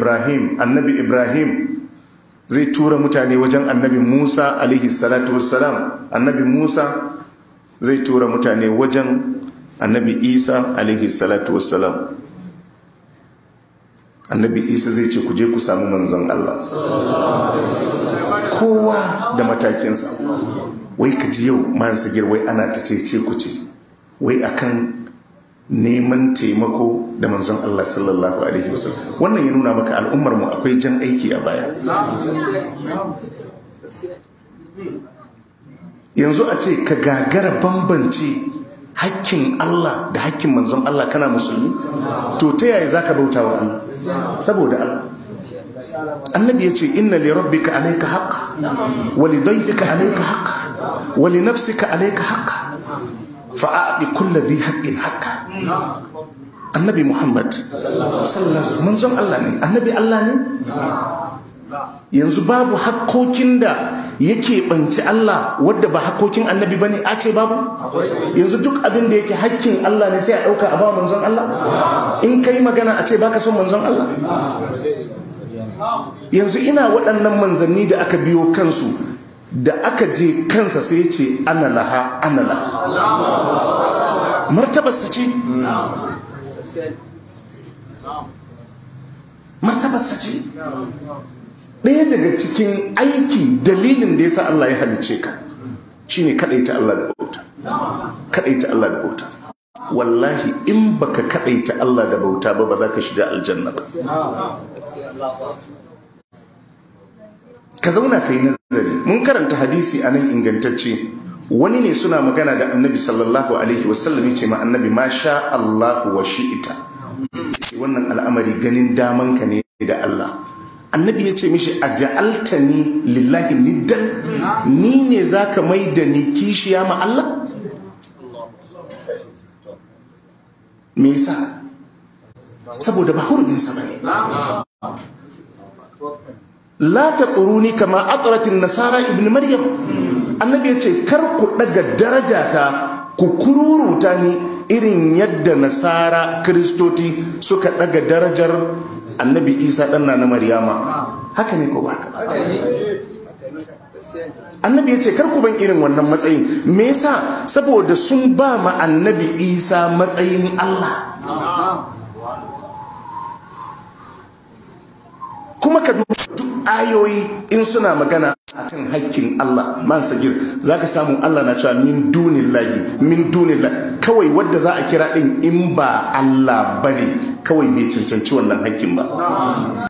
ibrahim annabi ibrahim zai tura mutane wajen annabi musa alaihi salatu wassalam annabi musa zai tura mutane wajen annabi isa alaihi salatu wassalam annabi isa zai ce ku je ku samu manzon allah kowa da matakinsa wai kaji ji yau mayansa girwai ana ta ce ce ku ce wai akan neman taimako da manzon Allah sallallahu alaihi wasallam wannan ya nuna maka al'ummar mu akwai jan aiki a baya yanzu a ce ka gagara bambance hakkin Allah da hakkin manzon Allah kana musulmi to ta yaya zaka bauta wa Allah saboda Allah annabi ya ce inna li rabbika alayka haqq wa li dayfika alayka haqq wa li nafsika alayka haqq fa'aɗi kulla zai haƙƙin haƙƙa annabi muhammad sallallahu manzon allah ne annabi allah ne yanzu babu haƙƙoƙin da yake banci Allah wadda ba haƙƙoƙin annabi ba ne a ce babu yanzu duk abin da yake haƙƙin Allah ne sai a ɗauka a ba manzon Allah in ka yi magana a ce baka son manzon Allah yanzu ina waɗannan manzanni da aka biyo kansu da aka je kansa sai ce ana laha ana martabarsa ce martabarsa ce ɗaya daga cikin aiki dalilin da ya sa Allah ya halice ka shi shine kaɗaita Allah da bauta kaɗaita Allah da bauta wallahi in baka kaɗaita Allah da bauta ba ba za ka shiga aljanna ba ka zauna ka yi nazari mun karanta hadisi a nan ingantacce wani ne suna magana da annabi sallallahu alaihi wasallam ya ce ma annabi ma sha Allahu wa shi'ita wannan al'amari ganin daman ka ne da Allah annabi ya ce mishi a ja'altani lillahi niddan ni ne zaka mai da ni kishiya ma Allah me yasa saboda ba hurumin sa bane la ta tsoroni kama tsoratin nasara ibn maryam annabi ya ce kar ku daga ta ku kururuta ni irin yadda nasara kristoti suka daga darajar annabi isa ɗan na maryama haka ne ko ba haka annabi ya ce karku ban irin wannan matsayin me yasa saboda sun ba ma annabi isa matsayin allah ayoyi in suna magana akan hakkin Allah man sagir ka samu Allah na cewa min dunillahi min dunillahi kawai wadda za a kira din in ba Allah bane kawai bai cancanci wannan haƙƙin ba